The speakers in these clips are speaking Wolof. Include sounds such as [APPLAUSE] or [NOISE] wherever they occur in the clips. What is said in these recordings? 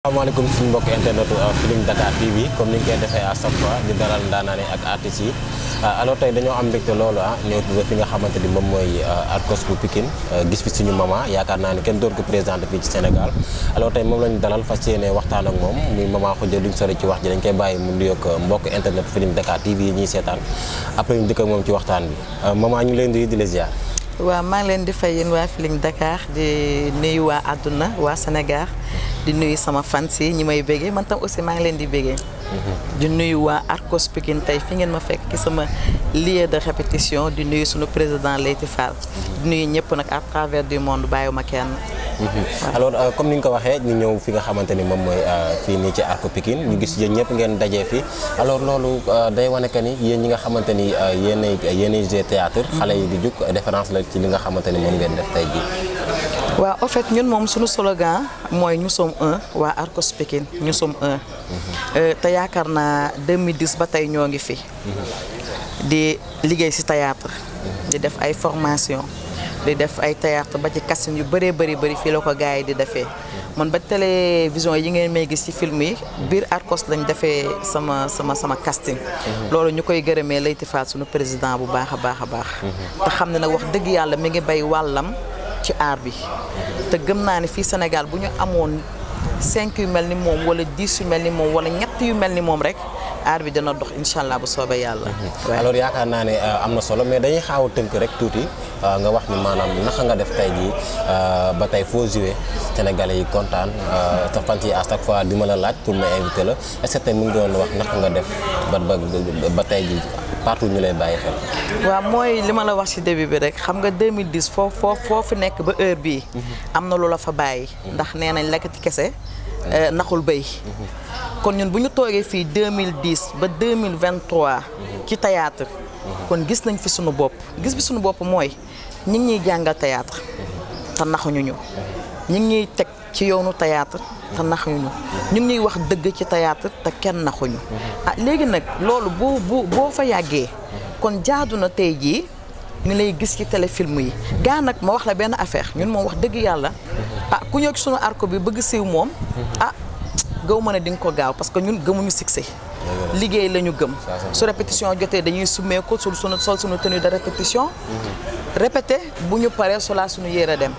asalaamaaleykum suñu mbokk internetu euh, Feeling Dakar TV comme ni ñu koy defee à chaque fois di dalal ndaanaane ak artistes yi euh, alors tey ah, nga xamante ni moom mooy euh, Arcos bu Pikine gis fi suñu maman yaakaar naa ne kenn doon ko présenté fii ci Sénégal alors tey moom lañu dalal fas yéene waxtaan ak moom muy maman Khoudia duñ sore ci wax ji dañ koy bàyyi mu nuyoog mbokk internet Feeling Dakar TV yi ñuy seetaan après ñu dëkk moom ci waxtaan bi maman ñu leen di di la ziar maa ngi leen di fay yéen waa Feeling Dakar di nuyu waa àdduna waa senegaal di nuyu sama fans yi ñi may béggee man tam aussi maa ngi leen di béggee. di nuyu waa Arcos Pikine tey fi ngeen ma fekk ci sama lieu de répétition di nuyu suñu président Leyti Fall. di nuyu ñëpp nag à travers du monde bàyyiwuma kenn. Mhm. alors euh, comme ni nga ko waxee ñu ñëw fi nga xamante ni moom mooy euh, fii nii ci Arco Pikine ñu gis yéen ñëpp ngeen dajee fi alors loolu euh, day wane que ni yéen ñi nga xamante ni yéenay yéenay théâtre xale yi di jug référence la ci li nga xamante ni moom ngeen def tey jii. waaw ofet ñun moom suñu slogan mooy ñu sommes un waa Arcos Pikine ñu sommes un euh, te yaakaar naa 2010 ba tey ñoo ngi fi di liggéey ci théâtre di def ay formation di def ay théâtre ba ci casting yu bëree bëri bëri fii la ko gars yi di defee man ba télévision yi ngeen may gis ci film yi biir Arcos lañ defee sama sama sama casting loolu ñu koy gërëmee Leyti Fall suñu président bu baax a baax a baax mhm. te xam ne nag wax dëgg yàlla mi ngi bay wàllam ci aar bi te gëm naa ne fii Sénégal bu ñu amoon cinq yu mel ni moom wala dix yu mel ni moom wala ñett yu mel ni moom rek aar bi dana dox incha allah bu soobee yàlla. Mhm. alors yaakaar naa ne euh, am na solo mais dañuy xaaw tënk rek tuuti euh, nga wax ni maanaam naka nga def tey jii euh, ba tey foo joué sénégalais yi kontaan te fan ci à chaque fois di ma la laaj pour ma invité est-ce que tey mu ngi doon wax naka nga def ba ba ba tey jii. partout ñu lay bàyyi xel. waaw mooy li ma la wax ci début bi rek xam nga 2010 foo foo foo fi nekk ba heure bi mhm. am na lu la fa bàyyi. Mhm. ndax nee nañ lekkati kese euh, naxul béy. Mhm. kon ñun bu ñu toogee fii 2010 ba 2023. ci théâtre kon gis nañ fi sunu bopp gis bi sunu bopp mooy ñu ngi ñuy jàngal théâtre te naxuñu ñu ñu ngi teg. ci yoonu théâtre te naxuñu ñu ngi ñuy wax dëgg ci théâtre te kenn naxuñu ah léegi nag loolu boo boo fa yàggee kon jaadu na tey jii ñu lay gis ci téléfilm yi gaa nag ma wax la benn affaire ñun moom wax dëgg yàlla ah ku ñëw ci sunu arko bi bëgg siiw moom ah gëw mën a di ko gaaw parce que ñun gëmuñu succès liggéey la gëm su répétition jotee dañuy summeeku sul sunu sol sunu tenue de répétition mhm. répété bu ñu paree solaa suñu yére dem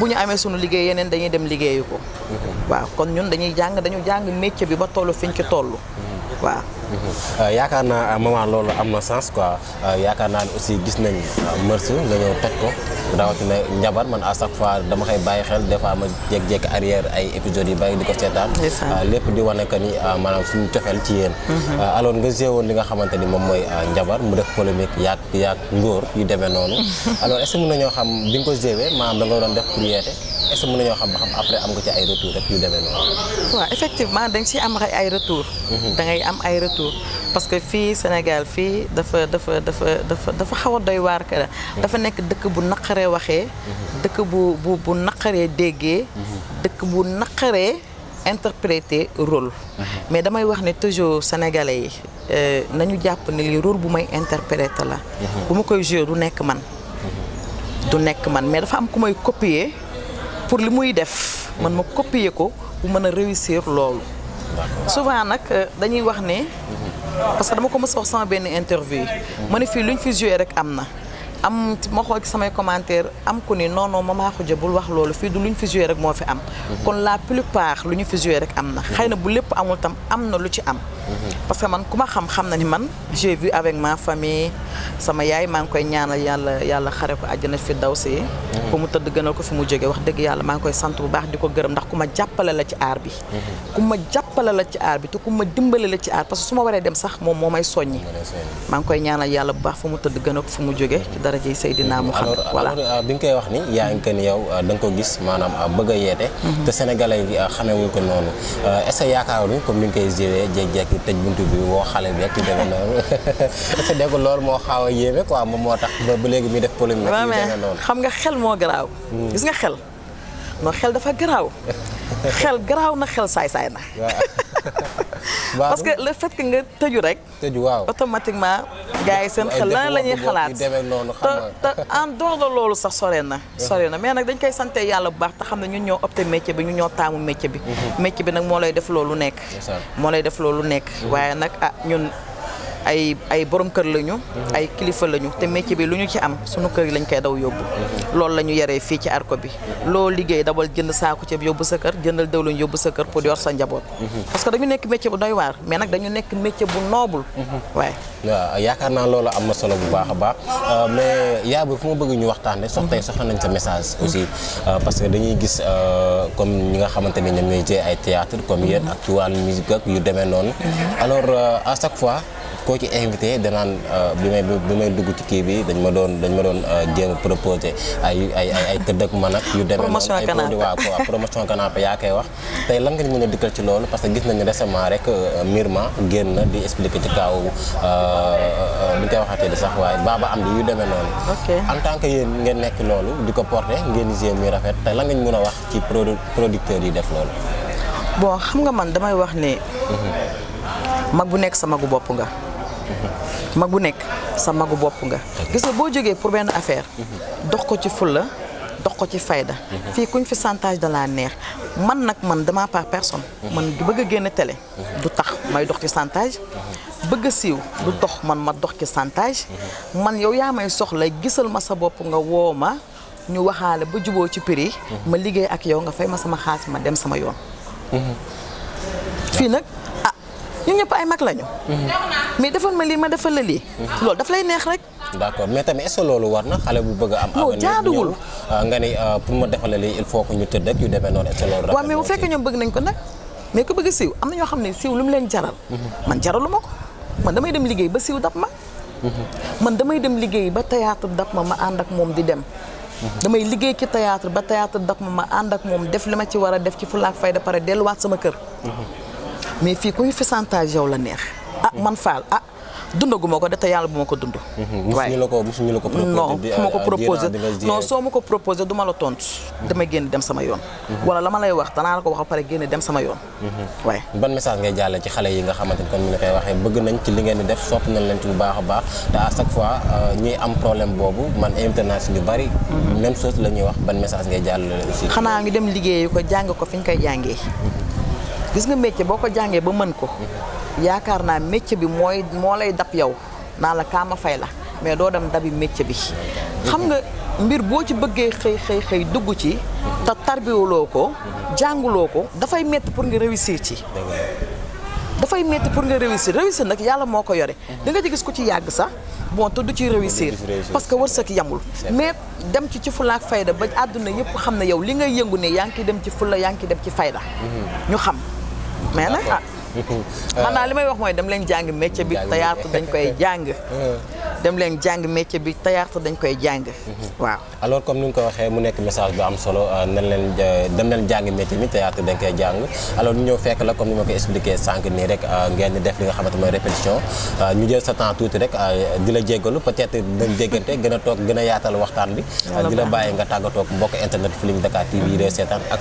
bu ñu amee sunu liggéey yeneen dañuy dem liggéeyu ko mm-hmm. waaw kon ñun dañuy jàng dañu jàng métier bi ba tollu fiñ ci toll mm-hmm. waaw Euh, yaakaar naa maman loolu am na sens quoi euh, yaakaar naa ne gis nañ euh, mœurs nga man à chaque fois dama koy bàyyi xel des fois ma jékki-jékki arrière ay épisodes yu bari di ko lépp di wane que ni maanaam suñu cofeel mm-hmm. xamante ni moom mooy njabar mu def polémique yaag yaag ngóor yu demee noonu [LAUGHS] alors est-ce que xam bi ko géewee maanaam da doon def priorité est-ce que xam ba xam après am nga ci ay retour rek da nga ci am ay mm-hmm. am ay retour parce que fii Sénégal fii dafa dafa dafa dafa dafa xaw a doy waar ka dafa nekk dëkk bu naqaree waxee. dëkk bu bu naqaree déggee. dëkk bu naqaree interpréter rôle. mais damay wax ne toujours sénégalais yi euh, nañu jàpp ne li rôle bu may interpréter la. bu ma koy jouer du nekk man. du nekk man mais dafa am ku may copier pour li muy def man ma copier ko bu mën a réussir loolu. souvent nag euh, dañuy wax ne. parce que dama ko mës wax sama benn interview. ma ne fii luñ fi joué rek am na. am ma xool ci samay commentaire am ku ni non non Mama Khoudia bul wax loolu fii du luñ fi joué rek moo fi am. kon la plupart lu ñu fi joué rek am na. xëy na bu lépp amul tam am na lu ci am. parce que man ku ma xam xam na ni man j'ai vu avec ma famille. sama yaay maa ngi koy ñaanal yàlla yàlla xare ko àjjana fi daw si fu mm-hmm. mu tëdd gënal ko fi mu jóge wax dëgg yàlla maa ngi koy sant bu baax di ko gërëm ndax ku ma jàppale la ci aar bi mm-hmm. ku ma jàppale la ci aar bi ma dimbale la ci aar parce que su ma waree dem sax moom moo may soññi maa ngi koy ñaanal yàlla bu baax fu mu tëdd gënal ko fi mu jóge ci daraje Seydina mm-hmm. Muhammad voilà euh, bi nga koy wax ni yaa ngi kenn yow euh, da ko gis maanaam euh, bëgg a yeete te sénégalais yi xamewuñ ko noonu est-ce que yaakaaruñ comme ni nga koy jëlee jékki-jékki tëj buntu bi woo xale [LAUGHS] xaw moo tax ba ba léegi muy def polémique. mais xam nga xel moo garaaw. Hmm. gis nga xel non xel dafa garaaw. [LAUGHS] xel garaaw na xel saay-saay na. [LAUGHS] parce que la fait que nga tëju rek. tëju waaw automatiquement. gars yi seen xel lan la ñuy xalaat te te en dehors de loolu sax sore na. [LAUGHS] sore na mais nag dañ koy sante yàlla bu baax te xam ne ñun ñoo opté métier bi ñu ñoo taamu métier bi. Mm-hmm. métier bi nag moo lay def loolu nekk. moo lay def loolu nekk. Mm-hmm. waaye nag ah ñun ay ay borom kër lañu. ay kilifa lañu te métier bi lu ñu ci am sunu kër yi lañ koy daw yóbbu. lool la ñu yaree fii ci arko bi. loo liggéey dawal jënd saako ceeb yóbbu sa kër jëndal dawluñ yóbbu sa kër pour yor sa njaboot. parce que dañu nekk métier bu doy waar mais nag dañu nekk métier bu noble. waaye. waaw yaakaar naa loolu am na solo bu baax a baax euh, mais yaa bu fu ma bëgg ñu waxtaanee. sax tey soxla nañ sa message. aussi euh, parce que dañuy gis euh, comme ñi nga xamante ne ñoom ñooy jël ay théâtre comme yéen ak ci wàllu musique ak yu demee noonu. alors à chaque fois. koo ci invité danaan euh, bi may bi may dugg ci kii bi dañ ma doon dañ ma doon euh, jéem a proposé ay ay ay tëdd ak ma ak yu demee noonu ay produit waaw quoi promotion canapé yaa koy wax tey lan nga ñu mën a dikkal ci loolu parce que gis nañu récemment rek euh, Mirma génn di expliqué ci kaw bi ñu koy waxatee di sax waaye baaba am di yu demee noonu en tant que yéen ngeen nekk loolu di ko porté ngeen gisee muy rafet tey ñu mën a wax ci producteurs yi def loolu bon xam nga man damay wax ne mhm. mag bu nekk sa magu bopp nga [LAUGHS] mag bu nekk sa magu bopp nga gis boo jógee pour benn affaire dox ko ci fulla dox ko ci fayda fii kuñ fi chantage da laa neex man nag man dama par personne man bëgg a génn tele du tax may dox ci chantage bëgg siiw du dox man ma dox ci chantage man yow yaa may soxla gisal ma sa bopp nga woo ma ñu waxaale ba juboo ci prix ma liggéey ak yow nga fay ma sama xaalis ma dem sama yoon mhm. fii nag ñun ñëpp ay mag lañu. mais defal ma lii ma defal la lii. loolu daf lay neex rek. d'accord mais tamit est-ce que loolu war na xale bu bëgg am. avenir jaaduwul ah, nga ni ah, pour ma defal la lii il faut que ñu tëdd rek yu demee noonu est-ce que loolu. mais bu fekkee ñoom bëgg nañ ko nag mais ku bëgg siiw am na ñoo xam ne siiw lu mu leen jaral. man lu ma ko man damay dem liggéey ba siiw dab ma. man damay dem liggéey ba théâtre dab ma ma ànd ak moom di dem. damay liggéey ki théâtre ba théâtre dab ma ma ànd ak moom def li ma ci war a def ci fulaak fayda pare delluwaat sama kër. mais fii kuy fisantage yow la neex. ah hmm. man faal ah ma ko de te yàlla bu ma ko dund. waaye hmm, hmm. mosuñu ko mosuñu la ko proposé non soo ma ko proposé du ma la tontu. damay génn dem sama yoon. wala la ma lay wax danaa la ko wax ba pare génn dem sama yoon. waaye ban message ngay jàlle ci xale yi nga xamante ni kon ni nga koy waxee bëgg nañ ci li ngeen di def sopp nañ leen ci bu baax a baax te à chaque fois euh, ñuy am problème boobu man invité naa ñu bari. même soos la ñuy wax ban message ngay jàllale aussi. xanaa ñu dem liggéeyi ko jàng ko fi ñu koy jàngee. gis nga métier boo ko jàngee ba mën ko yaakaar naa métier bi mooy moo lay dab yow naa la kaama fay la mais doo dem dabi métier bi xam nga mbir boo ci bëggee xëy xëy xëy dugg ci te tarbiwuloo ko jànguloo ko dafay métti pour nga réussir ci dafay métti pour nga réussir réussir nag yàlla moo ko yore da nga ci gis ku ci yàgg sax bon te du ci réussir parce que wërsëg yamul mais dem ci ci fulaak fayda ba àdduna yëpp xam na yow li ngay yëngu ne yaa ngi dem ci fula yaa ngi dem ci fayda mm-hmm. ñu xam mais nag ah [LAUGHS] euh. man naa li may wax mooy dem leen jàng métier bi théâtre dañ koy jàng [LAUGHS] euh. dem leen jàng métier bi théâtre dañ koy jàng. Mhm. waaw alors comme ni nga ko waxee mu nekk message bu am solo euh, nañ leen euh, dem jàng métier mi théâtre dañ koy jàng alors ñu ñëw fekk la comme ni ma ko expliqué euh, dañ a a yaatal waxtaan bi. di la bàyyi yi de seetaan ak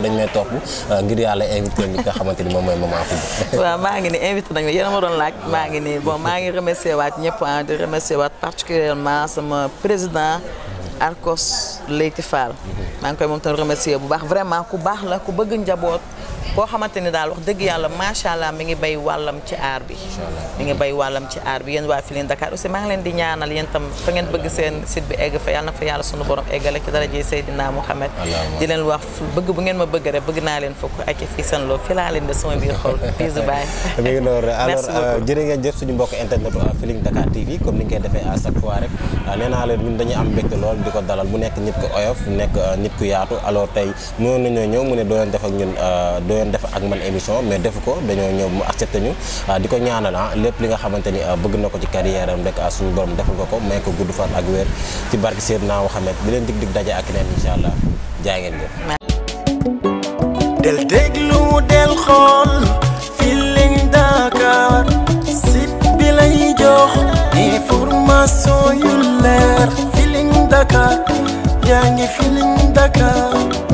may topp ngir yàlla invité li nga xamante ni moom mooy maman [LAUGHS] Coumba. waaw maa ngi ni invité nañu yéen a doon laaj [LAUGHS] maa ngi ni bon maa ngi remercier waa waat ñëpp ah di remercier waat particulièrement sama président Arcos Leyti Fall mm-hmm. maa ngi koy moom tam remercier bu baax vraiment ku baax la ku bëgg njaboot koo xamante ne daal wax dëgg yàlla macha allah mi ngi bay wàllam ci aar bi mi ngi bay wàllam ci aar bi yéen waa Feeling Dakar aussi maa ngi leen di ñaanal yéen tam fa ngeen bëgg seen site bi egg fa yàlla na fa yàlla sunu borom eggale ci daraje Seydina Mouhamed di wax bëgg bu ngeen ma bëgg bëgg naa leen fokk ak fii seen loolu fi laa leen de [LAUGHS] euh, mbokk internet waa Dakar TV comme ni ngeen defee à chaque fois rek euh, nee naa leen ñun dañuy am mbégte lool di ko dalal mu nekk nit ku oyof nekk euh, ni ku yaatu alors tey mënoon nañoo ñëw mu ne doo doon def ak man mais defu ko dañoo ñëw mu accepté ñu ah, di ko ah, lépp li xamante ni ah, bëgg na ko ci carrière am rek suñu borom ko ko ko gudd fan ak wér ci barke Seydina Muhammad leen dig dig daje ak neen incha allah del déglu del xool Feeling Dakar site bi lay jox information yu leer Feeling Dakar yaa ngi Feeling Dakar.